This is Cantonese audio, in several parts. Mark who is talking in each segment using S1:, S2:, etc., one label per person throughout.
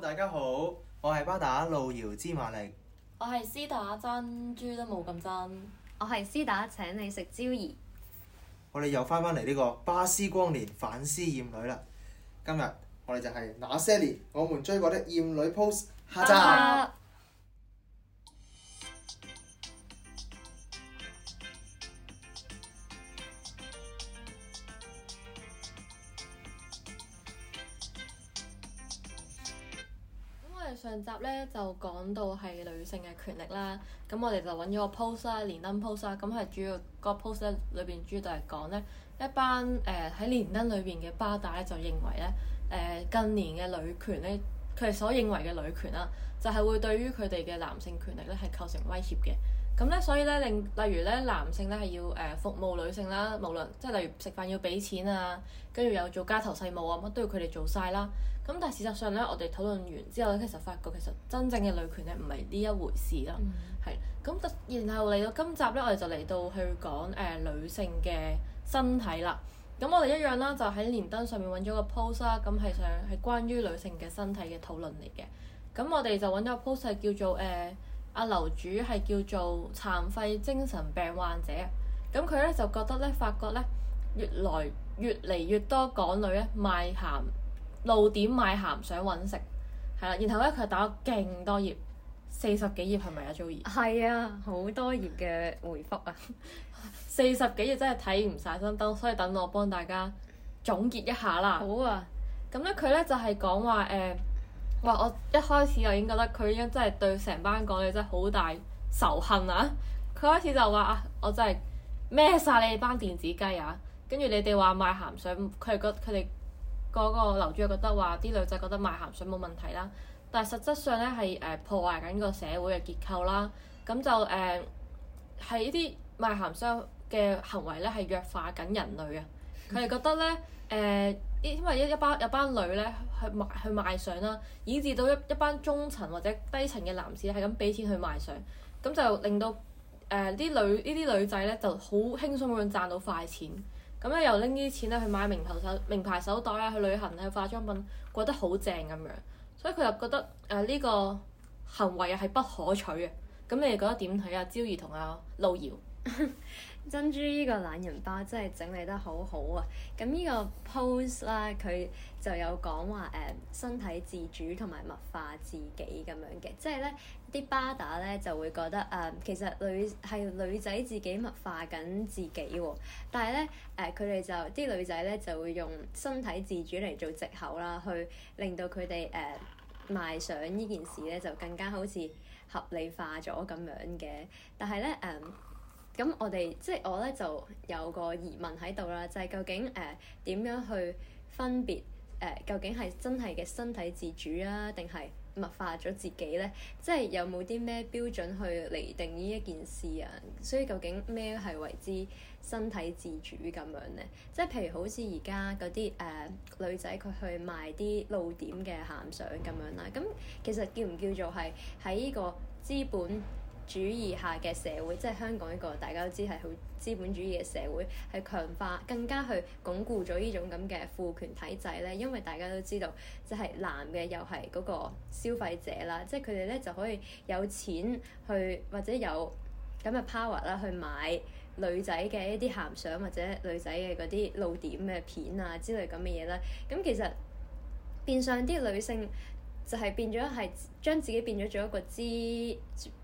S1: 大家好，我係巴打路遙知馬力，
S2: 我係斯打珍珠都冇咁真，我係斯打請你食椒兒，
S1: 我哋又翻翻嚟呢個巴斯光年反思厭女啦，今日我哋就係那些年我們追過的厭女 post 下集。
S3: 上集咧就講到係女性嘅權力啦，咁我哋就揾咗個 post 啦，連登 post 啦，咁係主要個 post 咧裏邊主要就係講咧一班誒喺連登裏邊嘅巴打咧就認為咧誒、呃、近年嘅女權咧，佢哋所認為嘅女權啦，就係、是、會對於佢哋嘅男性權力咧係構成威脅嘅。咁咧所以咧令例如咧男性咧係要誒、呃、服務女性啦，無論即係、就是、例如食飯要俾錢啊，跟住又做家頭細務啊，乜都要佢哋做晒啦。咁但係事實上咧，我哋討論完之後咧，其實發覺其實真正嘅女權咧唔係呢一回事啦。係咁、嗯，然後嚟到今集咧，我哋就嚟到去講誒、呃、女性嘅身體啦。咁我哋一樣啦，就喺連登上面揾咗個 post 啦、啊。咁係想係關於女性嘅身體嘅討論嚟嘅。咁我哋就揾咗個 post 係叫做誒阿樓主係叫做殘廢精神病患者。咁佢咧就覺得咧，發覺咧越來越嚟越多港女咧賣鹹。露點買鹹想揾食，係啦，然後咧佢打咗勁多頁，四十幾頁係咪啊？Joey，係啊，好多頁嘅回覆啊，四十幾頁真係睇唔晒新燈，所以等我幫大家總結一下啦。好啊，咁咧佢咧就係、是、講話誒，話、呃、我一開始就已經覺得佢已經真係對成班講嘢真係好大仇恨啊！佢開始就話啊，我真係孭晒你哋班電子雞啊，跟住你哋話買鹹水，佢係覺佢哋。嗰個樓主又覺得話啲女仔覺得賣鹹水冇問題啦，但係實質上咧係誒破壞緊個社會嘅結構啦。咁就誒係呢啲賣鹹水嘅行為咧係弱化緊人類啊！佢哋覺得咧誒、呃，因為一一班一班女咧去賣去賣相啦，以至到一一班中層或者低層嘅男士係咁俾錢去賣相，咁就令到誒啲、呃、女、女呢啲女仔咧就好輕鬆咁樣賺到快錢。咁咧又拎啲錢咧去買名頭手名牌手袋啊，去旅行啊，去化妝品，覺得好正咁樣，所以佢又覺得誒呢、呃呢個行為啊係不可取嘅。咁你哋覺得點睇啊？招
S2: 兒同阿路瑤？ 珍珠呢個懶人包真係整理得好好啊！咁呢個 post 啦，佢就有講話誒身體自主同埋物化自己咁樣嘅，即係呢啲巴打呢，就會覺得誒、呃，其實女係女仔自己物化緊自己喎，但係呢，誒佢哋就啲女仔呢，就會用身體自主嚟做藉口啦，去令到佢哋誒賣相呢件事呢，就更加好似合理化咗咁樣嘅，但係呢，誒、呃。咁我哋即係我咧就有個疑問喺度啦，就係、是、究竟誒點、呃、樣去分別誒、呃、究竟係真係嘅身體自主啊，定係物化咗自己咧？即係有冇啲咩標準去嚟定呢一件事啊？所以究竟咩係為之身體自主咁樣咧？即係譬如好似而家嗰啲誒女仔佢去賣啲露點嘅鹹相咁樣啦，咁其實叫唔叫做係喺呢個資本主義下嘅社會，即係香港呢個，大家都知係好資本主義嘅社會，係強化更加去鞏固咗呢種咁嘅父權體制咧。因為大家都知道，就係男嘅又係嗰個消費者啦，即係佢哋咧就可以有錢去或者有咁嘅 power 啦，去買女仔嘅一啲鹹相或者女仔嘅嗰啲露點嘅片啊之類咁嘅嘢啦。咁其實變相啲女性就係變咗係將自己變咗做一個資。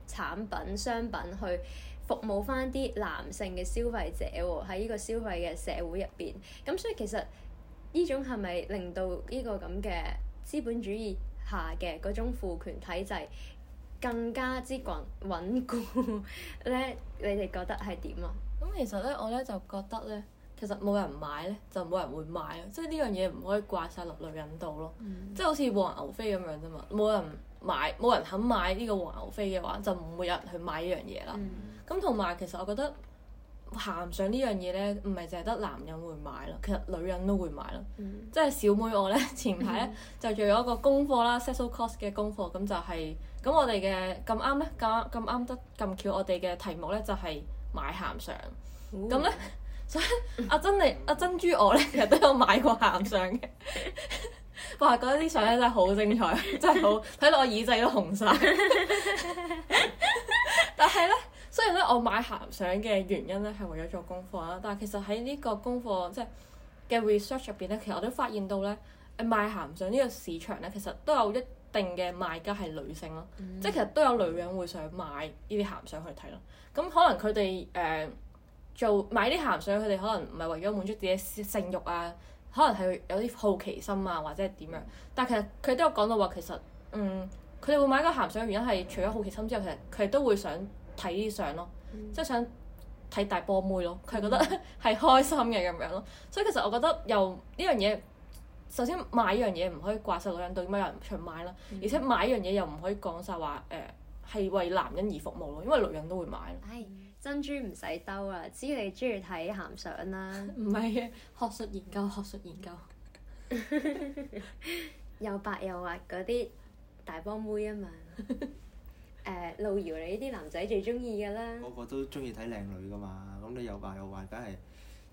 S2: 產品、商品去服務翻啲男性嘅消費者喎、哦，喺呢個消費嘅社會入邊，咁所以其實呢種係咪令到呢個咁嘅資本主義下嘅嗰種父權體制更加之穩穩固咧？ 你哋覺得係點啊？咁其實咧，我咧就覺得咧，
S3: 其實冇人買咧，就冇人會買啊！即係呢樣嘢唔可以掛晒落女人度咯，即係、嗯、好似黃牛飛咁樣啫嘛，冇人買，冇人肯買呢個黃牛飛嘅話，就唔會有人去買呢樣嘢啦。咁同埋其實我覺得鹹相呢樣嘢咧，唔係淨係得男人會買啦，其實女人都會買啦。嗯、即係小妹我咧，前排咧就做咗一個功課啦，sexual cost 嘅功課，咁就係、是、咁我哋嘅咁啱咧，咁啱咁啱得咁巧，巧巧我哋嘅題目咧就係、是、買鹹相。咁咧、哦，所以阿、嗯啊、珍你阿、啊、珍珠我咧其實都有買過鹹相嘅。 哇！覺得啲相咧真係好精彩， 真係好睇到我耳仔都紅晒。 但係咧，雖然咧我買鹹相嘅原因咧係為咗做功課啦，但係其實喺呢個功課即係嘅 research 入邊咧，其實我都發現到咧，賣鹹相呢個市場咧，其實都有一定嘅賣家係女性咯，嗯、即係其實都有女人會想買呢啲鹹相去睇咯。咁可能佢哋誒做買啲鹹相，佢哋可能唔係為咗滿足自己性欲啊。可能係有啲好奇心啊，或者係點樣？但其實佢都有講到話，其實嗯，佢哋會買嗰鹹水嘅原因係除咗好奇心之外，其實佢哋都會想睇啲相咯，嗯、即係想睇大波妹咯。佢係覺得係開心嘅咁樣咯。所以其實我覺得又呢樣嘢，首先買一樣嘢唔可以掛晒女人對乜人出賣啦，嗯、而且買一樣嘢又唔可以講晒話誒係為男人而服務咯，因為女人都會買
S2: 咯。哎珍珠唔使兜啦，知你中意睇鹹相啦。唔係嘅，學術研究，學術研究， 又白又滑嗰啲大波妹啊嘛。誒、 呃，路遙，你呢啲男仔最中意㗎啦。
S1: 個個都中意睇靚女㗎嘛，咁你又白又滑，梗係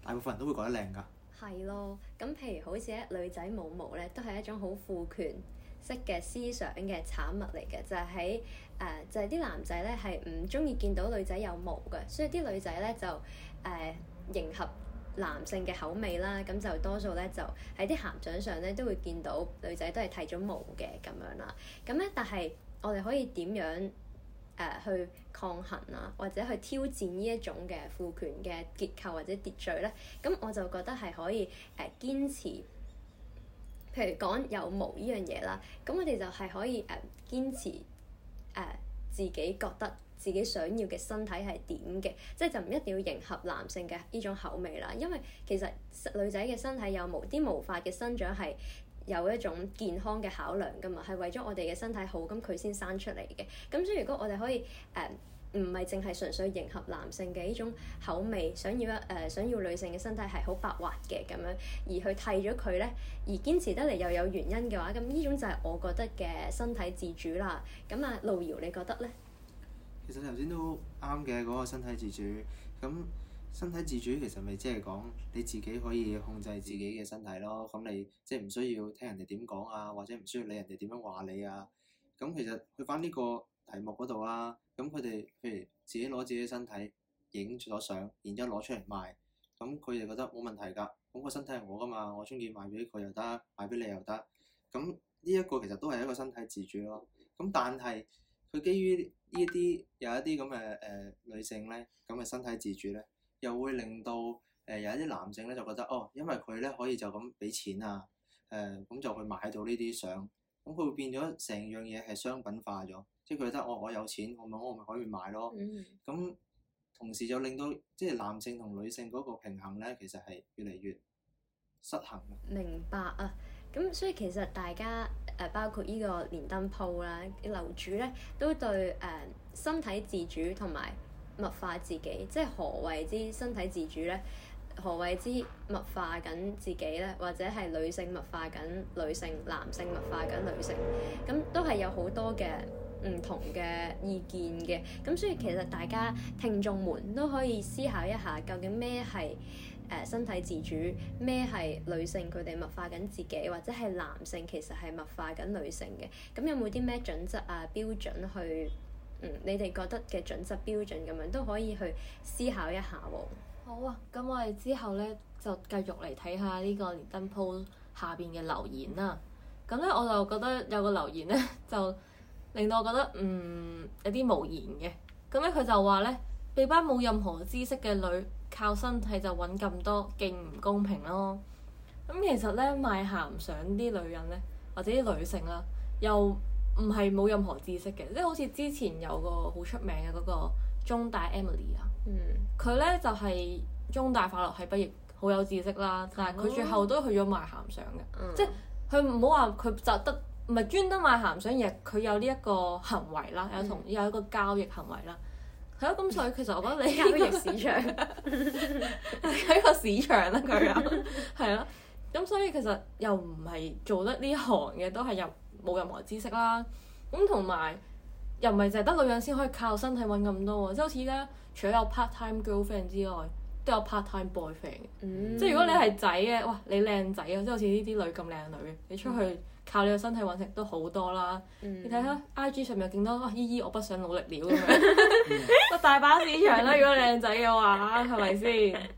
S1: 大部分人都會覺得靚㗎。
S2: 係 咯，咁譬如好似咧女仔冇毛咧，都係一種好賦權。色嘅思想嘅產物嚟嘅，就係喺誒，就係、是、啲男仔咧係唔中意見到女仔有毛嘅，所以啲女仔咧就誒、呃、迎合男性嘅口味啦，咁就多數咧就喺啲鹹掌上咧都會見到女仔都係剃咗毛嘅咁樣啦。咁咧，但係我哋可以點樣誒、呃、去抗衡啊，或者去挑戰呢一種嘅父權嘅結構或者秩序咧？咁我就覺得係可以誒、呃、堅持。譬如講有毛呢樣嘢啦，咁我哋就係可以誒、uh, 堅持誒、uh, 自己覺得自己想要嘅身體係點嘅，即係就唔一定要迎合男性嘅呢種口味啦。因為其實女仔嘅身體有毛，啲毛髮嘅生長係有一種健康嘅考量㗎嘛，係為咗我哋嘅身體好，咁佢先生出嚟嘅。咁所以如果我哋可以誒、Uh, 唔係淨係純粹迎合男性嘅呢種口味，想要一、呃、想要女性嘅身體係好白滑嘅咁樣，而去剃咗佢呢，而堅持得嚟又有原因嘅話，咁呢種就係我覺得嘅身體自主啦。咁啊，路瑤，你覺得呢？
S1: 其實頭先都啱嘅嗰個身體自主，咁身體自主其實咪即係講你自己可以控制自己嘅身體咯。咁你即係唔需要聽人哋點講啊，或者唔需要理人哋點樣話你啊。咁其實去翻呢、這個。題目嗰度啦，咁佢哋譬如自己攞自己身體影咗相，然之後攞出嚟賣，咁佢哋覺得冇問題㗎。咁個身體係我㗎嘛，我中意賣俾佢又得，賣俾你又得。咁呢一個其實都係一個身體自主咯。咁但係佢基於呢一啲有一啲咁嘅誒，女性咧，咁嘅身體自主咧，又會令到誒、呃、有一啲男性咧就覺得哦，因為佢咧可以就咁俾錢啊，誒、呃、咁就去買到呢啲相，咁佢會變咗成樣嘢係商品化咗。即係佢得我，我有錢，我咪我咪可以買咯。咁、嗯、同時就令到即係、就是、男性同女性嗰個平衡咧，其實係越嚟越失衡。
S2: 明白啊，咁所以其實大家誒，包括呢個連登鋪啦，樓主咧都對誒、呃、身體自主同埋物化自己。即係何謂之身體自主咧？何謂之物化緊自己咧？或者係女性物化緊女性，男性物化緊女性，咁都係有好多嘅。唔同嘅意見嘅咁，所以其實大家聽眾們都可以思考一下，究竟咩係誒身體自主，咩係女性佢哋物化緊自己，或者係男性其實係物化緊女性嘅？咁有冇啲咩準則啊標準去？嗯，你哋覺得嘅準則標準咁樣都可以去思考一下喎。好啊，咁我哋之後呢，就繼續嚟睇
S3: 下呢個連登鋪下邊嘅留言啦。咁咧我就覺得有個留言呢 就。令到我覺得嗯有啲無言嘅，咁咧佢就話咧，你班冇任何知識嘅女靠身體就揾咁多，勁唔公平咯。咁、嗯、其實咧賣鹹相啲女人咧，或者啲女性啦，又唔係冇任何知識嘅，即係好似之前有個好出名嘅嗰個中大 Emily 啊、嗯，佢咧就係、是、中大法律系畢業，好有知識啦，但係佢最後都去咗賣鹹相嘅，嗯、即係佢唔好話佢就得。唔係專登買鹹水，而佢有呢一個行為啦，有同、嗯、有一個交易行為啦。係咯、嗯，咁所以其實我覺得你交易市場，係一個市場啦，佢啊， 係咯。咁所以其實又唔係做得呢一行嘅都係入冇任何知識啦。咁同埋又唔係淨係得女人先可以靠身體揾咁多啊，即、就、係、係、好似而家除咗有 part time girlfriend 之外，都有 part time boyfriend。即係、嗯、如果你係仔嘅，哇，你靚仔啊！即係好似呢啲女咁靚女嘅，你出去、嗯。靠你個身體揾食都好多啦，你睇下 I G 上面有勁多、啊、依依我不想努力了咁樣，個大把市場啦。如果靚仔嘅話，係咪先？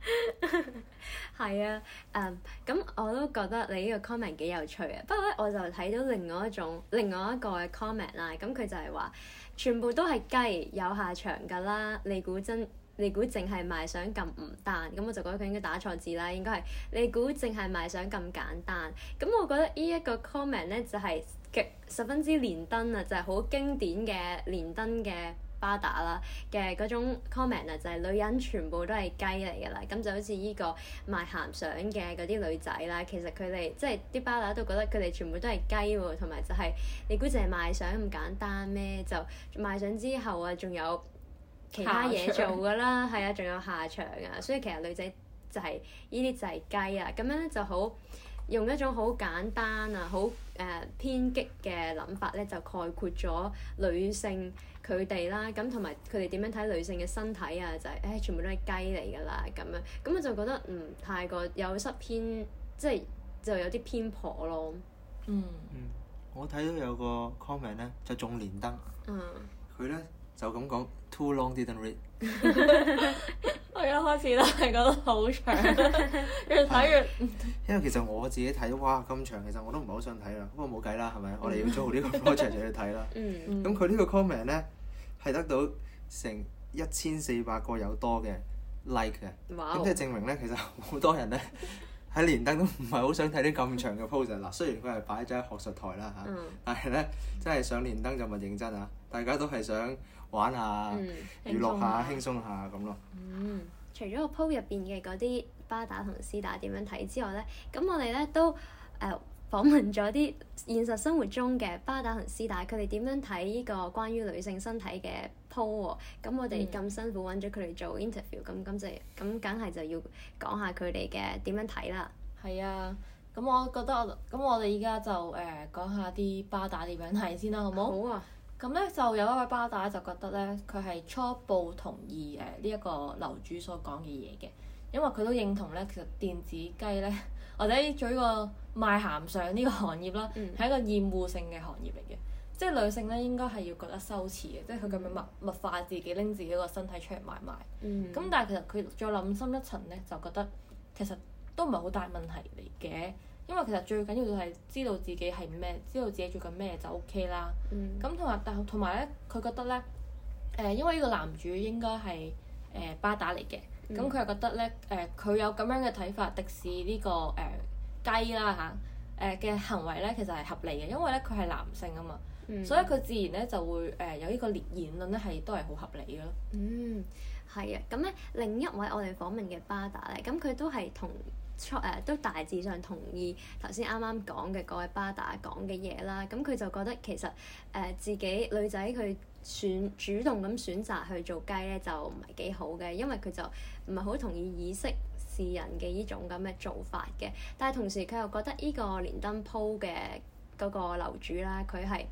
S2: 係啊，嗯，咁我都覺得你呢個 comment 幾有趣啊。不過咧，我就睇到另外一種、另外一個嘅 comment 啦。咁、嗯、佢就係話，全部都係雞有下場㗎啦。你估真？你估淨係賣相咁唔單？咁我就覺得佢應該打錯字啦，應該係你估淨係賣相咁簡單。咁我覺得呢一個 comment 呢，就係、是、極十分之連登啊，就係、是、好經典嘅連登嘅巴打啦嘅嗰種 comment 啊，就係、是、女人全部都係雞嚟噶啦。咁就好似呢個賣鹹相嘅嗰啲女仔啦，其實佢哋即係啲巴打都覺得佢哋全部都係雞喎、啊，同埋就係、是、你估淨係賣相咁簡單咩？就賣相之後啊，仲有。
S1: 其他嘢做
S2: 㗎啦，係場啊，仲有下場啊，所以其實女仔就係呢啲就係雞啊，咁樣咧就好用一種好簡單啊、好誒、呃、偏激嘅諗法咧，就概括咗女性佢哋啦。咁同埋佢哋點樣睇女性嘅身體啊，就係、是、誒、欸、全部都係雞嚟㗎啦。咁樣咁我就覺得唔太過有失偏，即、就、係、是、就有啲偏頗咯。嗯，
S1: 嗯我睇到有個 comment 咧，就仲連登佢咧就咁講。too long didn't read。我一
S3: 開始都
S1: 係覺得好長，越睇越。因為其實我自己睇哇咁長，其實我都唔係好想睇啦。不過冇計啦，係咪？我哋要做好呢個 project 就去睇啦。嗯。咁佢呢個 comment 咧係得到成一千四百個有多嘅 like 嘅，咁即係證明咧其實好多人咧喺連登都唔係好想睇啲咁長嘅 post。嗱，雖然佢係擺咗喺學術台啦嚇，但係咧真係上連登就唔認真啊！大家都係想。玩下、嗯、娛樂下、
S2: 輕鬆下咁咯。嗯，除咗個 po 入邊嘅嗰啲巴打同斯打點樣睇之外咧，咁我哋咧都誒、呃、訪問咗啲現實生活中嘅巴打同斯打，佢哋點樣睇呢個關於女性身體嘅 po？咁我哋咁辛苦揾咗佢哋做 interview，咁咁、嗯、就咁梗係就要講下佢哋嘅點樣睇啦。係啊，咁我覺得我咁我哋依家就誒、呃、講下啲巴打點樣睇
S3: 先啦，好冇？好啊。咁咧就有一位巴打，就覺得咧，佢係初步同意誒呢一個樓主所講嘅嘢嘅，因為佢都認同咧，其實電子雞咧或者做呢個賣鹹相呢個行業啦，係、嗯、一個厭惡性嘅行業嚟嘅，即係女性咧應該係要覺得羞恥嘅，嗯、即係佢咁樣物物化自己拎自己個身體出嚟賣賣。咁、嗯、但係其實佢再諗深一層咧，就覺得其實都唔係好大問題嚟嘅。因為其實最緊要就係知道自己係咩，知道自己做緊咩就 O、OK、K 啦。咁同埋但同埋咧，佢覺得咧，誒、呃、因為呢個男主應該係誒、呃、巴打嚟嘅，咁佢又覺得咧，誒、呃、佢有咁樣嘅睇法，敵視呢個誒、呃、雞啦嚇，誒、呃、嘅行為咧其實係合理嘅，因為咧佢係男性啊嘛，嗯、
S2: 所以佢自然咧就會誒、呃、有呢個言論咧係都係好合理咯。嗯，係啊，咁咧另一位我哋訪問嘅巴打咧，咁佢都係同。錯都大致上同意頭先啱啱講嘅嗰位巴打講嘅嘢啦。咁佢就覺得其實誒、呃、自己女仔佢選主動咁選擇去做雞咧，就唔係幾好嘅，因為佢就唔係好同意以色示人嘅呢種咁嘅做法嘅。但係同時佢又覺得呢個連登 po 嘅嗰個樓主啦，佢係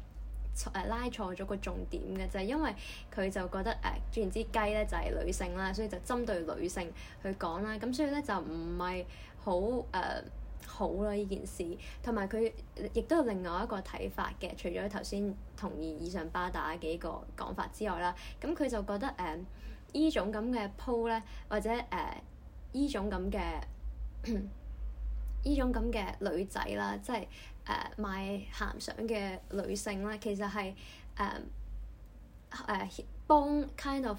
S2: 誒拉錯咗個重點嘅，就係因為佢就覺得誒，總、呃、言之雞咧就係、是、女性啦，所以就針對女性去講啦。咁所以咧就唔係。呃、好誒好啦呢件事，同埋佢亦都有另外一個睇法嘅，除咗頭先同意以上巴打幾個講法之外啦，咁佢就覺得誒依、呃、種咁嘅 po 咧，或者誒依、呃、種咁嘅依種咁嘅女仔啦，即係誒賣鹹相嘅女性啦，其實係誒誒幫 kind of。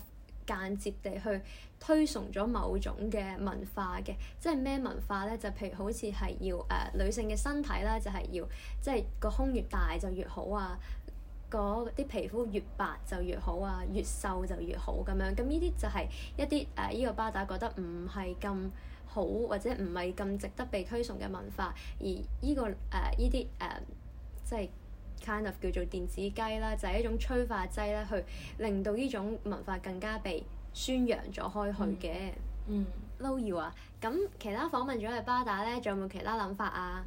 S2: 間接地去推崇咗某種嘅文化嘅，即係咩文化呢？就譬如好似係要誒、呃、女性嘅身體啦，就係要即係個胸越大就越好啊，嗰啲皮膚越白就越好啊，越瘦就越好咁、啊、樣。咁呢啲就係一啲誒依個巴打覺得唔係咁好，或者唔係咁值得被推崇嘅文化。而依、依個誒依啲誒即係。呃 Kind of 叫做電子雞啦，就係、是、一種催化劑咧，去令到呢種文化更加被宣揚咗開去嘅、嗯。嗯，no you 啊，咁其他訪問咗嘅巴打咧，仲有冇其他諗法啊？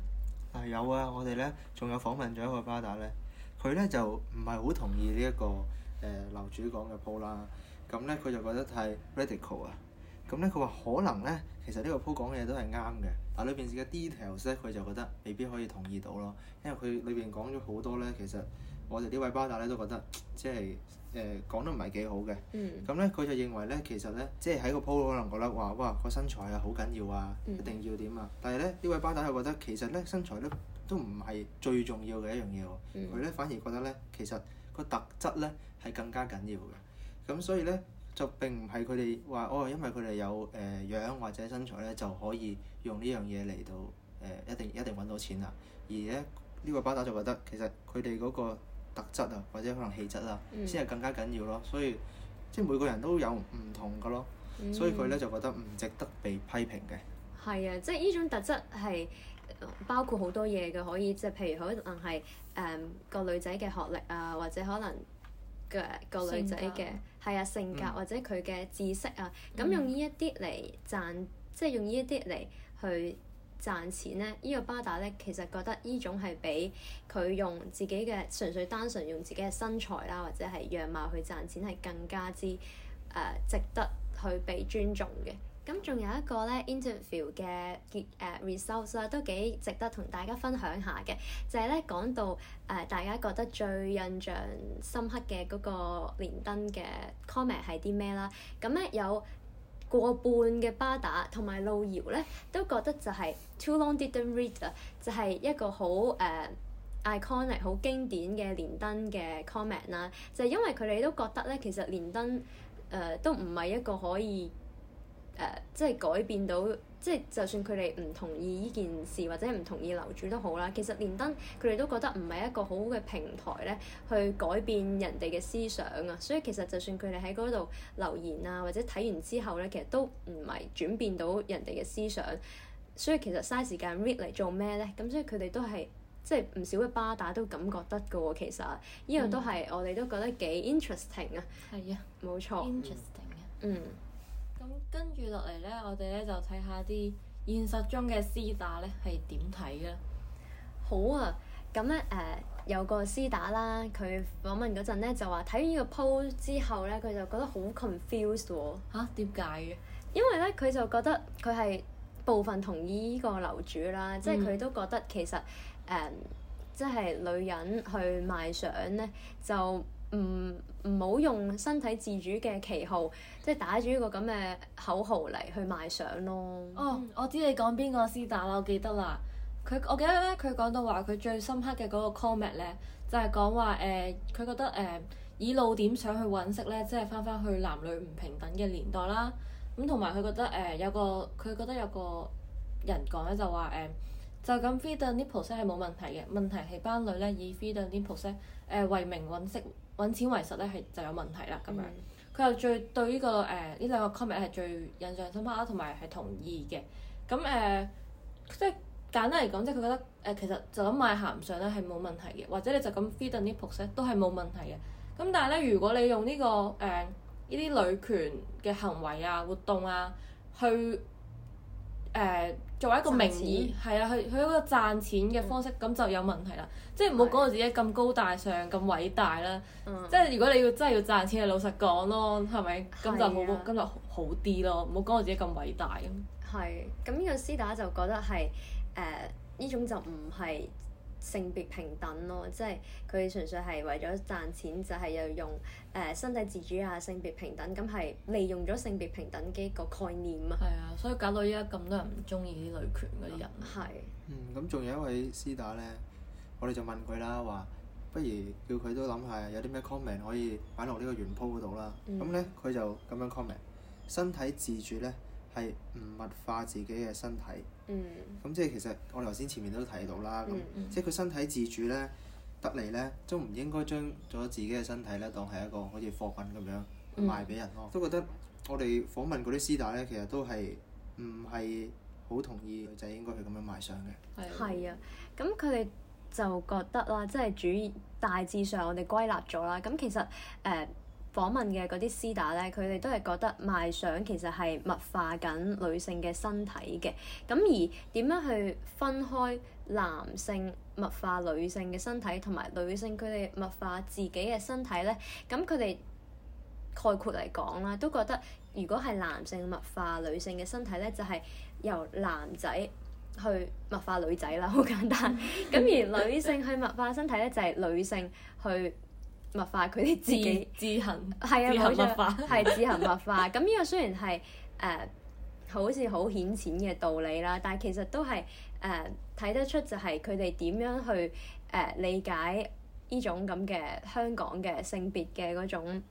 S1: 啊有啊，我哋咧仲有訪問咗一個巴打咧，佢咧就唔係好同意呢、這、一個誒樓、呃、主講嘅鋪啦。咁咧佢就覺得太 radical 啊。咁咧佢話可能咧，其實呢個鋪講嘅嘢都係啱嘅。但裏邊嘅 details 咧，佢就覺得未必可以同意到咯，因為佢裏邊講咗好多咧，其實我哋呢位巴打咧都覺得，即係誒講得唔係幾好嘅。咁咧、嗯，佢就認為咧，其實咧，即係喺個 po 可能覺得話，哇哇個身材啊好緊要啊，嗯、一定要點啊。但係咧，呢位巴打就覺得其實咧身材咧都唔係最重要嘅一樣嘢，佢咧、嗯、反而覺得咧，其實個特質咧係更加緊要嘅。咁所以咧。就並唔係佢哋話哦，因為佢哋有誒、呃、樣或者身材咧，就可以用呢樣嘢嚟到誒、呃、一定一定揾到錢啦。而咧呢、這個巴打就覺得其實佢哋嗰個特質啊，或者可能氣質啊，先係更加緊要咯。所以即係每個人都有唔同噶咯，嗯、
S2: 所以佢咧就覺
S1: 得唔值得被批評嘅。
S2: 係啊，即係呢種特質係包括好多嘢嘅，可以即係譬如可能係誒、嗯、個女仔嘅學歷啊，或者可能。個女仔嘅係啊，性格或者佢嘅知識啊，咁用呢一啲嚟賺，嗯、即係用呢一啲嚟去賺錢咧。呢、呢個巴打咧，其實覺得呢種係比佢用自己嘅純粹單純用自己嘅身材啦，或者係樣貌去賺錢係更加之誒、呃、值得去被尊重嘅。咁仲有一個咧 interview 嘅結誒 result 啦，都幾值得同大家分享下嘅，就係、是、咧講到誒、呃、大家覺得最印象深刻嘅嗰個連登嘅 comment 係啲咩啦？咁咧有過半嘅巴打同埋路遙咧都覺得就係、是、too long didn't read 啊，就係、是、一個好誒、呃、iconic 好經典嘅連登嘅 comment 啦。就係、因為佢哋都覺得咧，其實連登誒、呃、都唔係一個可以。誒、呃，即係改變到，即係就算佢哋唔同意呢件事，或者唔同意樓主都好啦。其實連登佢哋都覺得唔係一個好好嘅平台咧，去改變人哋嘅思想啊。所以其實就算佢哋喺嗰度留言啊，或者睇完之後咧，其實都唔係轉變到人哋嘅思想。所以其實嘥時間 read 嚟做咩咧？咁所以佢哋都係即係唔少嘅巴打都感覺得㗎喎。其實呢樣都係我哋都覺得幾 interesting 啊。係啊的，冇錯。interesting 啊。嗯。嗯嗯。
S3: 跟住落嚟呢，我哋咧就睇下啲現實中嘅私打呢係
S2: 點睇嘅。好啊，咁呢，誒、呃、有個私打啦，佢訪問嗰陣咧就話睇完依個 post 之後呢，佢就覺得好 confused 喎、啊。嚇、啊？點解嘅？因為呢，佢就覺得佢係部分同意呢個樓主啦，嗯、即係佢都覺得其實誒、呃，即係女人去賣相呢，就。唔唔好用身體自主嘅旗號，即係打住一個咁嘅口號嚟去賣相咯。哦，我知你講邊個師大啦，我記得
S3: 啦。佢，我記得咧，佢講到話佢最深刻嘅嗰個 comment 咧，就係講話誒，佢、呃、覺得誒、呃、以露點上去揾食咧，即係返返去男女唔平等嘅年代啦。咁同埋佢覺得誒、呃、有個佢覺得有個人講咧，就話誒、呃、就咁 freedom nipple size 係冇問題嘅，問題係班女咧以 freedom nipple size 為名揾食。揾錢為實咧，係就有問題啦咁樣。佢又、嗯、最對呢、呢個誒呢、呃、兩個 comment 係最印象深刻啦，同埋係同意嘅。咁誒、呃，即係簡單嚟講，即係佢覺得誒、呃、其實就咁買鹹相咧係冇問題嘅，或者你就咁 feed 呢啲 post 都係冇問題嘅。咁但係咧，如果你用呢、呢個誒呢啲女權嘅行為啊活動啊去誒。呃作為一個名義，係錢啊，佢佢嗰個賺錢嘅方式，咁、嗯、就有問題啦。即係唔好講到自己咁高大上、咁偉大啦。即係如果你要真係要賺錢，就老實講咯，係咪？咁、啊、就好，咁就好啲咯。唔好講到自己咁偉大。
S2: 係、啊，咁呢個師打就覺得係誒，呢、呃、種就唔係。性別平等咯，即係佢純粹係為咗賺錢就要，就係又用誒身體自主啊，性別平等，咁係利用咗性別平等嘅一個概念啊。係啊，所以搞到依家咁多人唔中意呢類女權嗰啲人，係。
S1: 嗯，咁仲是、嗯、有一位師打咧，我哋就問佢啦，話不如叫佢都諗下有啲咩 comment 可以擺落呢個原鋪嗰度啦。咁咧佢就咁樣 comment：身體自主咧。係唔物化自己嘅身體，咁、嗯、即係其實我哋頭先前面都提到啦，咁、嗯、即係佢身體自主咧得嚟咧，都唔應該將咗自己嘅身體咧當係一個好似貨品咁樣賣俾人咯。嗯、都覺得我哋訪問嗰啲師大咧，其實都係唔係好同意女仔應該去咁樣賣相嘅。
S2: 係啊，咁佢哋就覺得啦，即係主大致上我哋歸納咗啦，咁其實誒。呃訪問嘅嗰啲師打咧，佢哋都係覺得賣相其實係物化緊女性嘅身體嘅。咁而點樣去分開男性物化女性嘅身體，同埋女性佢哋物化自己嘅身體呢？咁佢哋概括嚟講啦，都覺得如果係男性物化女性嘅身體呢，就係、是、由男仔去物化女仔啦，好簡單。咁 而女性去物化身體呢，就係、是、女性去。物化佢哋自己自行，係啊，冇錯，係自行物化。咁呢 個雖然係誒、呃、好似好顯淺嘅道理啦，但係其實都係誒睇得出就係佢哋點樣去誒、呃、理解呢種咁嘅香港嘅性別嘅嗰種、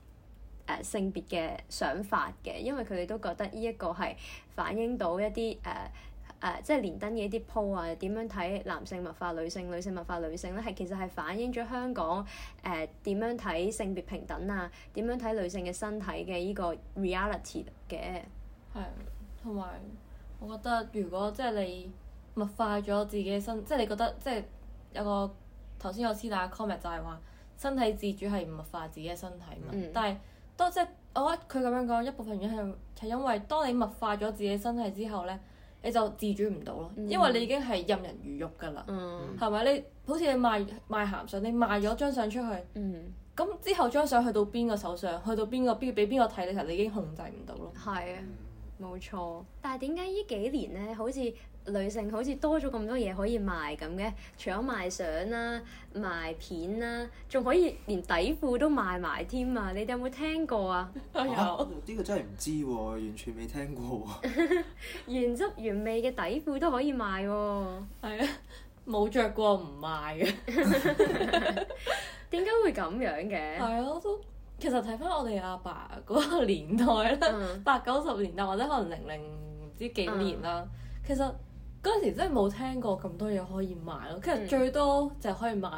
S2: 呃、性別嘅想法嘅，因為佢哋都覺得呢一個係反映到一啲誒。呃誒，uh, 即係連登嘅一啲 post 啊，點樣睇男性物化女性，女性物化女性咧？係其實係反映咗香港誒點、uh, 樣睇性別平等啊，點樣睇女性嘅身體嘅依個 reality 嘅。
S3: 係，同埋我覺得，如果即係你物化咗自己嘅身，即、就、係、是、你覺得即係有個頭先有師大嘅 comment 就係話身體自主係唔物化自己嘅身體嘛。嗯、但係都即係我覺得佢咁樣講一部分原因係因為當你物化咗自己嘅身體之後咧。你就自主唔到咯，因為你已經係任人魚肉㗎啦，係咪、嗯？你好似你賣賣鹹相，你賣咗張相出去，咁、嗯、之後張相去到邊個手上，去到邊個邊俾邊個睇，你其實你已經控制唔到咯。係啊，
S2: 冇錯。但係點解呢幾年咧，好似？女性好似多咗咁多嘢可以賣咁嘅，除咗賣相啦、啊、賣片啦、啊，仲可以連底褲都賣埋添啊！你哋有冇聽過啊？有，
S1: 呢個真係唔知喎、啊，完全未聽過喎、
S2: 啊。 原汁原味嘅底褲都可以賣喎，係啊，冇着過唔賣嘅，點 解 會咁
S3: 樣嘅？係啊，我都其實睇翻我哋阿爸嗰個年代啦，八九十年代或者可能零零唔知幾年啦，嗯、其實。嗰陣時真係冇聽過咁多嘢可以賣咯，其實最多就係可以賣誒、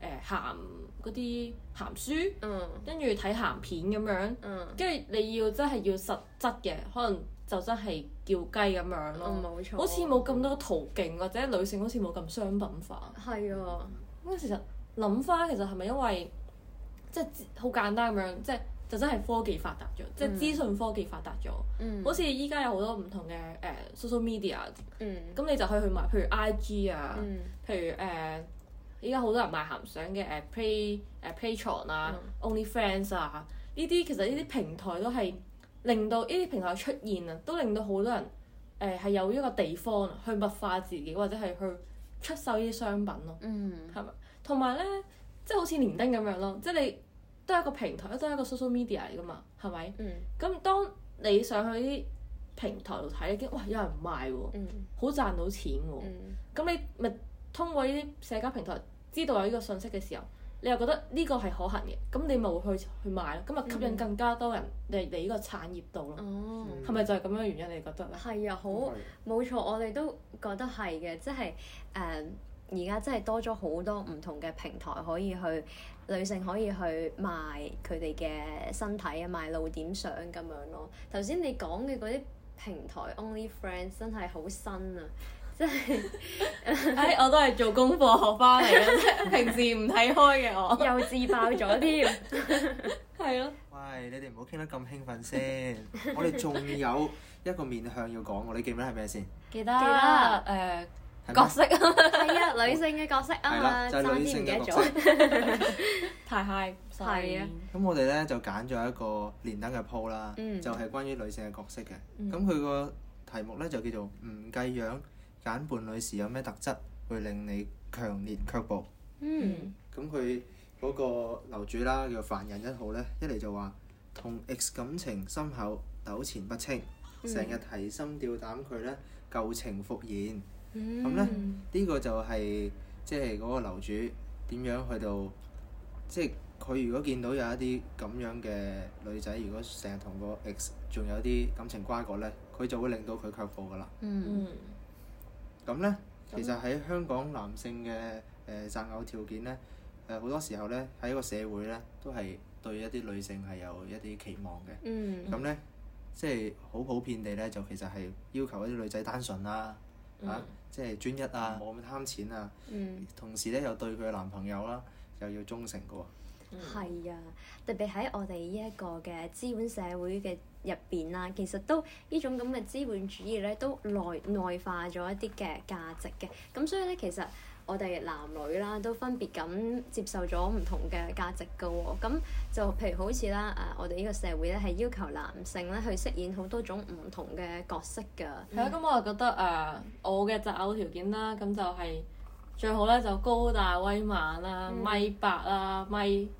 S3: 呃、鹹嗰啲鹹書，跟住睇鹹片咁樣，跟住、嗯、你要真係要實質嘅，可能就真係叫雞咁樣咯。哦、冇錯，好似冇咁多途徑，或者女性好似冇咁商品化。係啊、嗯，咁其實諗翻其實係咪因為即係好簡單咁樣，即係。就真係科技發達咗，嗯、即係資訊科技發達咗。好似依家有好多唔同嘅誒、uh, social media，咁、嗯、你就可以去買，譬如 IG 啊，嗯、譬如誒依家好多人賣鹹相嘅誒、uh, pay 誒、uh, Patreon 啊 OnlyFans 啊，呢啲、嗯啊、其實呢啲平台都係令到呢啲平台出現啊，都令到好多人誒係、uh, 有依個地方去物化自己或者係去出售呢啲商品咯，係咪、嗯？同埋咧，即係好似連登咁樣咯，即係你。都係一個平台，都係一個 social media 嚟噶嘛，係咪？咁、嗯、當你上去啲平台度睇，已經哇！有人賣喎，好、嗯、賺到錢喎。咁、嗯、你咪通過呢啲社交平台知道有呢個信息嘅時候，你又覺得呢個係可行嘅，咁你咪會去去買咯。咁咪吸引更加多人嚟嚟呢個產業度咯。係
S2: 咪就係咁樣原因？你覺得？係啊，好冇的錯，我哋都覺得係嘅，即係誒而家真係多咗好多唔同嘅平台可以去。女性可以去賣佢哋嘅身體啊，賣露點相咁樣咯。頭先你講嘅嗰啲平台 Only Friends 真係好新啊，
S3: 即係誒我都係做功課學翻嚟咯，平時唔睇開嘅我 又自爆咗添，
S1: 係咯、 啊。喂，你哋唔好傾得咁興奮先， 我哋仲有一個面向要講喎，你記唔記得係咩先？
S3: 記得，記得
S2: 誒。呃角色係啊，女性嘅角色啊嘛，就係女性嘅角色，太 high，
S1: 係啊。咁我哋咧就揀咗一個連登嘅鋪啦，就係關於女性嘅角色嘅。咁佢個題目咧就叫做唔計樣揀伴侶時有咩特質會令你強烈卻步？嗯。咁佢嗰個樓主啦叫凡人一號咧，一嚟就話同 X 感情深厚，糾纏不清，成日提心吊膽佢咧舊情復燃。咁咧，mm hmm. 呢、呢個就係即係嗰個樓主點樣去到，即係佢如果見到有一啲咁樣嘅女仔，如果成日同個 ex 仲有啲感情瓜葛呢，佢就會令到佢卻步噶啦。嗯、mm，咁、hmm. 咧，其實喺香港男性嘅誒擇偶條件呢，誒、呃、好多時候呢，喺一個社會呢，都係對一啲女性係有一啲期望嘅。嗯、mm，咁咧即係好普遍地呢，就其實係要求一啲女仔單純啦、啊。嚇、啊，即係專一啊，冇咁、嗯、貪錢啊，嗯、同時咧又對佢男朋友啦、啊，又要忠誠㗎喎。係、
S2: 嗯、啊，特別喺我哋呢一個嘅資本社會嘅入邊啦，其實都呢種咁嘅資本主義咧，都內內化咗一啲嘅價值嘅，咁所以咧其實。我哋男女啦，都分別咁接受咗唔同嘅價值嘅喎、哦。咁就譬如好似啦，誒、啊，我哋呢個社會咧，係要求男性咧去飾演好多種唔同嘅角色㗎。係啊、嗯，咁
S3: 我就覺得誒，我嘅擇偶條件啦，咁就係最好咧，就高大威猛啦，米八啦，米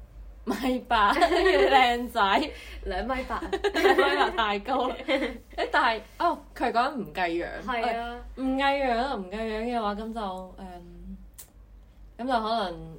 S3: 米八，要靚仔， 兩米八、啊， 米八太高 但係，哦，佢講唔計樣，係啊，唔計、哎、樣唔計樣嘅話，咁就誒。嗯咁就可能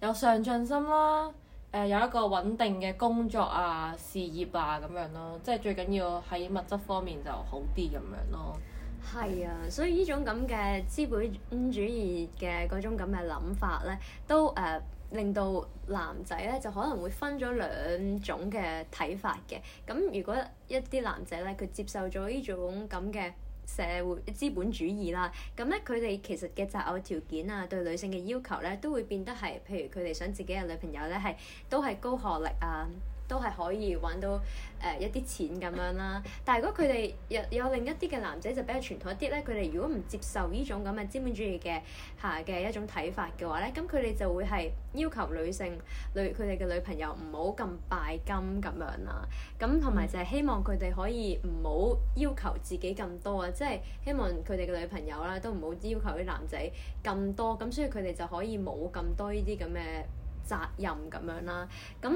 S3: 有上進心啦，誒、呃、有一個穩定嘅工作啊、事業啊咁樣咯，即係最緊要喺物質方面就好啲咁樣咯。
S2: 係啊，所以呢種咁嘅資本主義嘅嗰種咁嘅諗法咧，都誒、呃、令到男仔咧就可能會分咗兩種嘅睇法嘅。咁如果一啲男仔咧，佢接受咗呢種咁嘅，社會資本主義啦，咁咧佢哋其實嘅擇偶條件啊，對女性嘅要求咧，都會變得係，譬如佢哋想自己嘅女朋友咧，係都係高學歷啊。都係可以揾到誒、呃、一啲錢咁樣啦。但係如果佢哋有有另一啲嘅男仔就比較傳統一啲咧，佢哋如果唔接受呢種咁嘅資本主義嘅下嘅一種睇法嘅話咧，咁佢哋就會係要求女性女佢哋嘅女朋友唔好咁拜金咁樣啦。咁同埋就係希望佢哋可以唔好要，要求自己咁多啊，即、就、係、是、希望佢哋嘅女朋友啦都唔好要，要求啲男仔咁多，咁所以佢哋就可以冇咁多呢啲咁嘅責任咁樣啦。咁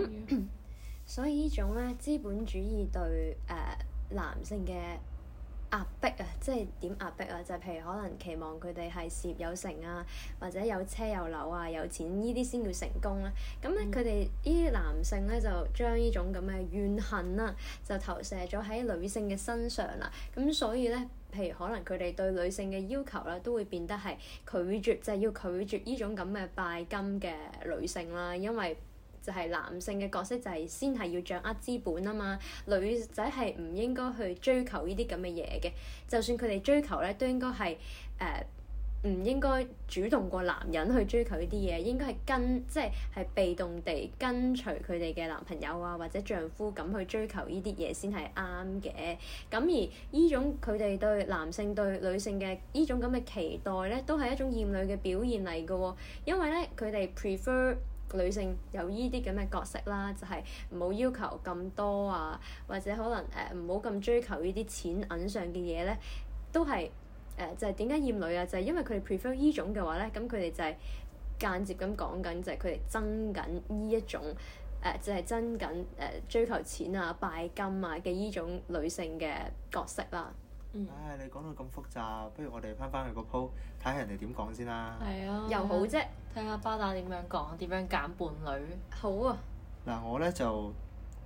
S2: 所以種呢種咧資本主義對誒、呃、男性嘅壓迫啊，即係點壓迫啊？就是、譬如可能期望佢哋係事業有成啊，或者有車有樓啊，有錢呢啲先叫成功啦、啊。咁咧佢哋呢啲、嗯、男性咧就將呢種咁嘅怨恨啦、啊，就投射咗喺女性嘅身上啦、啊。咁所以咧，譬如可能佢哋對女性嘅要求咧、啊，都會變得係拒絕，就係、是、要拒絕呢種咁嘅拜金嘅女性啦、啊，因為。就係男性嘅角色就係先係要掌握資本啊嘛，女仔係唔應該去追求呢啲咁嘅嘢嘅，就算佢哋追求咧，都應該係誒唔應該主動過男人去追求呢啲嘢，應該係跟即係係被動地跟隨佢哋嘅男朋友啊或者丈夫咁去追求呢啲嘢先係啱嘅。咁而呢種佢哋對男性對女性嘅呢種咁嘅期待咧，都係一種厭女嘅表現嚟嘅喎，因為咧佢哋 prefer。女性有依啲咁嘅角色啦，就係唔好要求咁多啊，或者可能誒唔好咁追求呢啲錢銀上嘅嘢咧，都係誒就係點解厭女啊？就係因為佢哋 prefer 依種嘅話咧，咁佢哋就係間接咁講緊，就係佢哋爭緊呢一種誒就係爭緊誒追求錢啊、拜金啊嘅依種女性嘅角色啦。
S1: 唉、哎，你講到咁複雜，不如我哋翻翻去個 po，睇下人哋點講先啦。係啊，
S3: 又好啫，睇下巴打點樣講，點樣揀伴侶。
S1: 好啊。嗱，我咧就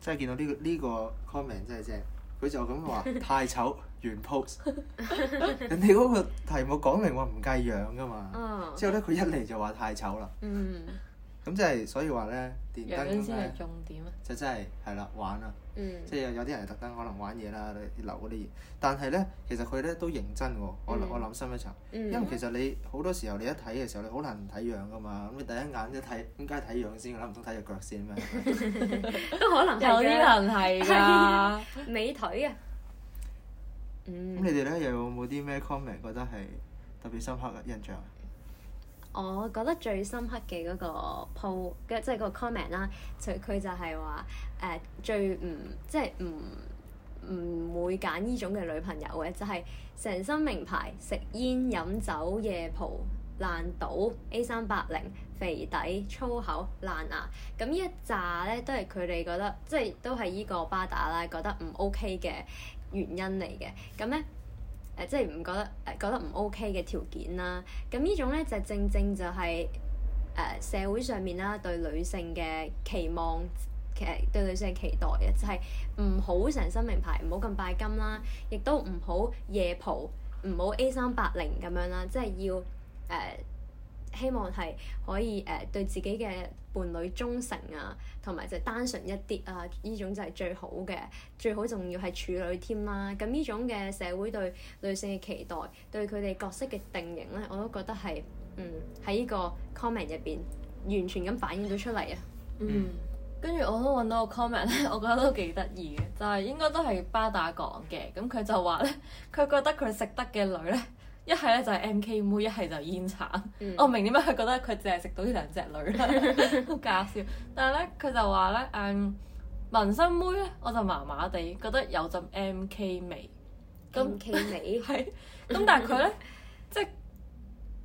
S1: 即、呢個呢個、真係見到呢個呢個 comment 真係正，佢就咁話 太醜，原 post。 人哋嗰個題目講明我唔計樣噶嘛。嗯。之後咧，佢一嚟就話太醜啦。嗯。咁即係，所以話咧，電燈係重點啊就真係係啦，玩啊，即係有有啲人係特登可能玩嘢啦，流嗰啲嘢。但係咧，其實佢咧都認真喎。我我諗深一層，因為其實你好多時候你一睇嘅時候，你好難唔睇樣噶嘛。咁你第一眼一睇，點解睇樣先？我諗唔通睇隻腳先咩？都可能係㗎，有啲人係㗎，美腿啊。咁你哋咧又有冇啲咩 comment 覺得係特別深刻嘅印象？
S2: 我覺得最深刻嘅嗰個 po，即係個 comment 啦。佢佢就係話誒最唔即係唔唔會揀呢種嘅女朋友嘅，就係、是、成身名牌、食煙飲酒、夜蒲、爛賭、A380、肥底、粗口、爛牙。咁呢一紮咧都係佢哋覺得即係、就是、都係呢個巴打啦，覺得唔 OK 嘅原因嚟嘅。咁咧。即係唔覺得誒覺得唔 OK 嘅條件啦，咁呢種咧就是、正正就係、是、誒、呃、社會上面啦對女性嘅期望，其實對女性嘅期待嘅就係唔好成身名牌，唔好咁拜金啦，亦都唔好夜蒲，唔好 A 三八零咁樣啦，即係要誒。呃.希望係可以誒、呃、對自己嘅伴侶忠誠啊，同埋就單純一啲啊，呢種就係最好嘅，最好仲要係處女添啦。咁、嗯、呢種嘅社會對女性嘅期待，對佢哋角色嘅定型呢，我都覺得係嗯喺呢個 comment 入邊完全咁反映咗出嚟啊。嗯，嗯嗯跟住我都揾到個 comment 呢，我覺得 都幾得意嘅，就係應該都係巴打講嘅。咁
S3: 佢就話呢，佢覺得佢食得嘅女呢。一係咧就係 M K 妹，一係就煙鏟。嗯、我明點解佢覺得佢淨係食到呢兩隻女好搞， 笑。但係咧佢就話咧，嗯，紋身妹咧我就麻麻地，覺得有陣 M K 味。M K 味。係美。咁 但係佢咧， 即係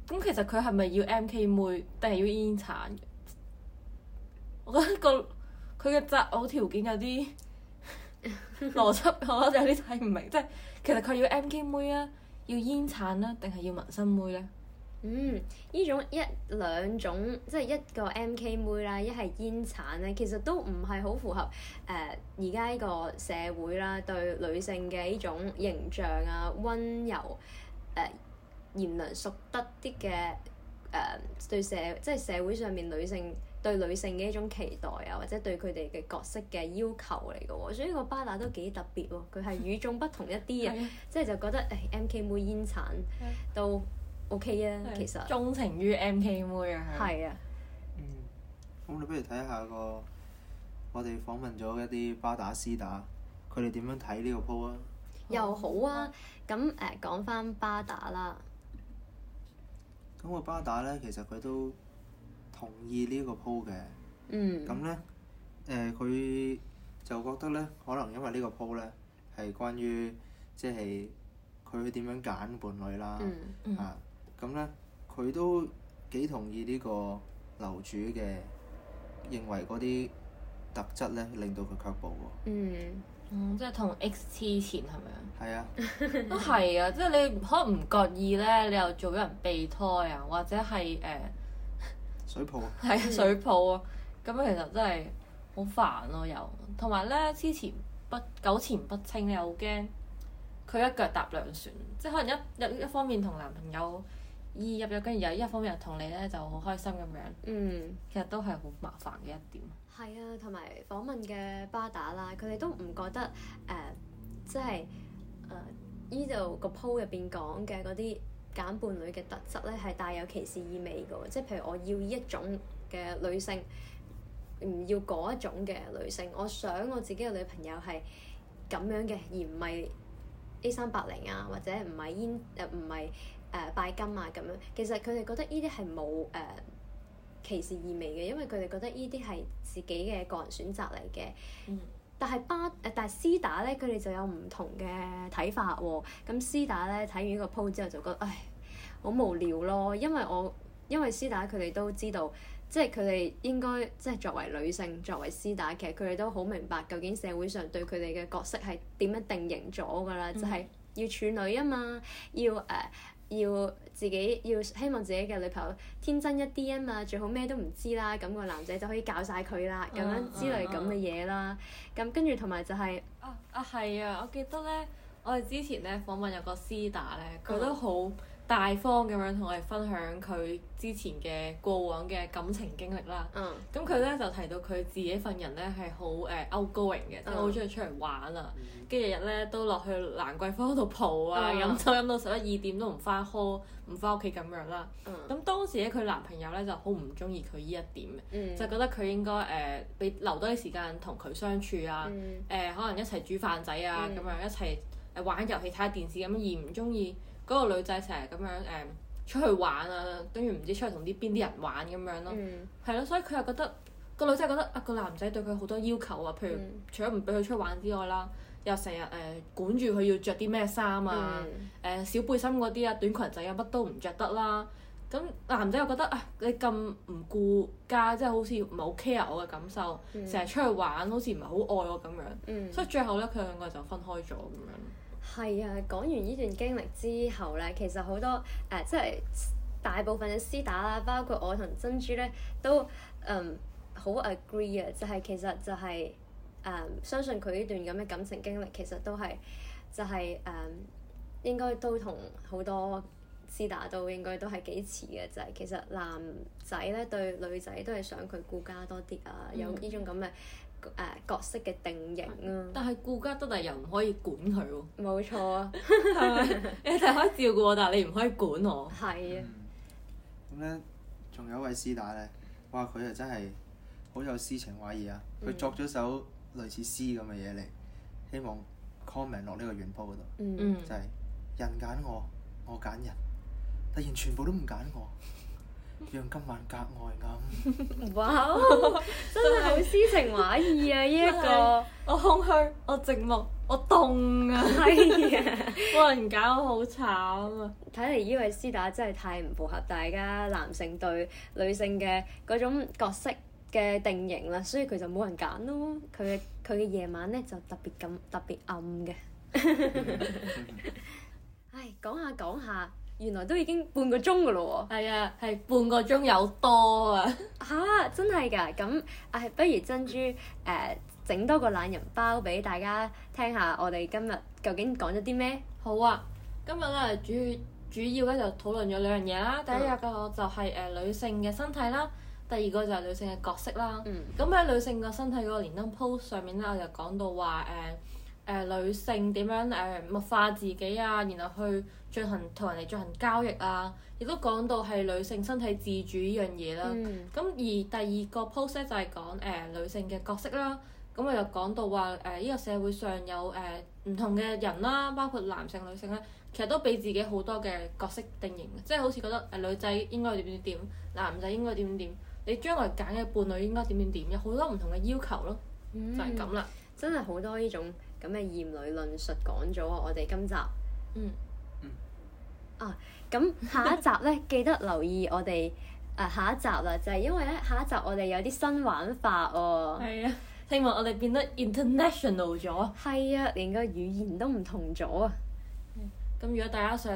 S3: 咁其實佢係咪要 M K 妹定係要煙鏟？我覺得、嗰個佢嘅擇偶條件有啲邏輯，我就有啲睇唔明。即
S2: 係其實佢要 M K 妹啊。要煙燻咧，定係要紋身妹咧？嗯，呢種一兩種，即係一個 MK 妹啦，一係煙燻咧，其實都唔係好符合誒而家呢個社會啦，對女性嘅呢種形象啊，溫柔誒呃、賢良淑德啲嘅誒對社，即係社會上面女性。對女性嘅一種期待啊，或者對佢哋嘅角色嘅要求嚟嘅喎，所以個巴打都幾特別喎，佢係與眾不同一啲 啊，即係就覺得誒、哎、M K 妹煙鏟 都 O、OK、K 啊，啊其實鍾情於 M K 妹啊，係啊，嗯，
S1: 咁你不如睇下個我哋訪問咗一啲巴打絲打，佢哋點樣睇呢個鋪啊，哦、
S2: 又好啊，咁誒講返巴打啦，
S1: 咁個巴打咧其實佢都。同意個鋪、嗯、呢個 post 嘅，咁、呃、咧，誒佢就覺得咧，可能因為個鋪呢個 post 咧係關於即係佢點樣揀伴侶啦，嗯嗯、啊咁咧，佢都幾同意呢個樓主嘅認為嗰啲特質咧，令到佢卻步喎、嗯。嗯，即
S3: 係同 X 之前係咪啊？係啊，都係啊，即係你可能唔覺意咧，你又做咗人備胎啊，或者係誒。呃
S1: 水泡啊！係啊，水泡
S3: 啊！咁樣其實真係好煩咯、啊，又同埋咧之前不久前不清又好驚佢一腳踏兩船，即係可能一一一方面同男朋友意入咗，跟住又一方面又同你咧就好開心咁樣。嗯，其實都係好麻煩嘅一點。
S2: 係啊，同埋訪問嘅巴打啦，佢哋都唔覺得誒，即係誒依度個 po 入邊講嘅嗰啲，揀伴侶嘅特質咧，係帶有歧視意味嘅，即係譬如我要呢一種嘅女性，唔要嗰一種嘅女性。我想我自己嘅女朋友係咁樣嘅，而唔係 A380 啊，或者唔係煙，唔係誒拜金啊咁樣。其實佢哋覺得呢啲係冇誒歧視意味嘅，因為佢哋覺得呢啲係自己嘅個人選擇嚟嘅。嗯但係巴誒，但係師打咧，佢哋就有唔同嘅睇法喎、哦。咁師打咧睇完呢個 po 之後，就覺得唉好無聊咯。因為我因為師打佢哋都知道，即係佢哋應該即係、就是、作為女性，作為師打，其實佢哋都好明白究竟社會上對佢哋嘅角色係點樣定型咗㗎啦。嗯、就係要處女啊嘛，要誒。Uh, 要自己要希望自己嘅女朋友天真一啲啊嘛，最好咩都唔知啦，咁、個男仔就可以教晒佢啦，咁樣、uh, uh, 之類咁嘅嘢啦。咁、uh, uh, 跟住同埋就係啊
S3: 啊係啊！我記得呢，我哋之前呢訪問有個師打呢，佢都好大方咁樣同我哋分享佢之前嘅過往嘅感情經歷啦。咁佢咧就提到佢自己份人咧係好誒 outgoing 嘅，即係好中意出嚟玩啊。跟住日日咧都落去蘭桂坊度蒲啊，飲酒飲到十一二點都唔翻 hall，唔翻屋企咁樣啦。咁當時咧佢男朋友咧就好唔中意佢呢一點，就覺得佢應該誒俾留多啲時間同佢相處啊，誒可能一齊煮飯仔啊，咁樣一齊玩遊戲、睇下電視咁，而唔中意。嗰個女仔成日咁樣誒、呃、出去玩啊，等於唔知出去同啲邊啲人玩咁、啊嗯、樣咯，係咯，所以佢又覺得個女仔覺得啊個男仔對佢好多要求啊，譬如除咗唔俾佢出去玩之外啦，又成日誒管住佢要着啲咩衫啊，誒、嗯呃、小背心嗰啲啊、短裙仔啊乜都唔着得啦。咁男仔又覺得啊你咁唔顧家，即、就、係、是、好似唔係好 care 我嘅感受，成日、嗯、
S2: 出去玩好似唔係好愛我
S3: 咁樣，嗯、所以最後咧佢哋兩個就分開咗咁樣。
S2: 係啊，講完呢段經歷之後咧，其實好多誒，即、呃、係、就是、大部分嘅師打啦，包括我同珍珠咧，都嗯好 agree 啊，就係、是、其實就係、是、誒、嗯、相信佢呢段咁嘅感情經歷，其實都係就係、是、誒、嗯、應該都同好多師打都應該都係幾似嘅，就係、是、其實男仔咧對女仔都係想佢顧家多啲啊，有呢種咁嘅。嗯誒、呃、角色嘅定型啊，但係顧家都但係又唔可以管佢喎。冇錯
S3: 啊，係咪？你係可以照顧我，但係你唔可以管我。
S1: 係啊，咁咧仲有一位師奶咧，哇！佢又真係好有詩情畫意啊！佢作咗首類似詩咁嘅嘢嚟，嗯、希望 comment 落呢個原 post 嗰度，嗯、就係、是、人揀我，我揀人，突然全部都唔揀我。讓今晚格外咁， 哇！
S2: 真係好詩情畫意啊！呢一個， 是我空虛，我寂寞，我凍啊！冇、 啊、 人揀我好慘啊！睇嚟呢位師打真係太唔符合大家男性對女性嘅嗰種角色嘅定型啦，所以佢就冇人揀咯。佢佢嘅夜晚咧就特別咁特別暗嘅。 唉，講下講下。原來都已經半個鐘㗎咯喎！係啊，係、啊、半個鐘有多啊！吓、 啊，真係㗎！咁唉、啊，不如珍珠誒整、呃、多個懶人包俾大家聽下，我哋今日究竟講咗啲咩？好啊！今日咧主主要咧就討論咗兩樣嘢啦，第一個
S3: 就係誒女性嘅身體啦，第二個就係女性嘅角色啦。咁喺、嗯、女性嘅身體嗰個連登 post 上面咧，我就講到話誒、呃誒、呃、女性點樣誒、呃、物化自己啊，然後去進行同人哋進行交易啊，亦都講到係女性身體自主呢樣嘢啦。咁、嗯、而第二個 post 就係講誒女性嘅角色啦。咁我又講到話誒呢個社會上有誒唔、呃、同嘅人啦，包括男性、女性啦，其實都俾自己好多嘅角色定型，即係好似覺得誒、呃、女仔應該點點點，男仔應該點點點，你將來揀嘅伴侶應該點點點，有好多唔同嘅要求
S2: 咯，嗯、就係咁啦。真係好多呢種。咁嘅厭女論述講咗、嗯嗯、啊！我哋今集嗯嗯啊，咁下一集咧， 記得留意我哋誒、啊、下一集啦，就係、是、因為咧下一集我哋有啲新玩法哦。係啊，聽聞我哋變得 international 咗。係啊，連個語言都唔同咗啊！
S3: 咁、嗯、如果大家想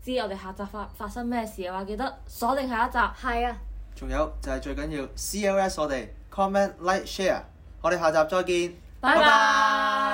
S3: 知我哋下集發發生咩事嘅話，記得鎖定下
S2: 一集。係啊，
S1: 仲有就係、是、最緊要 c l s 我哋 comment like share，我哋下集再見，
S2: 拜拜。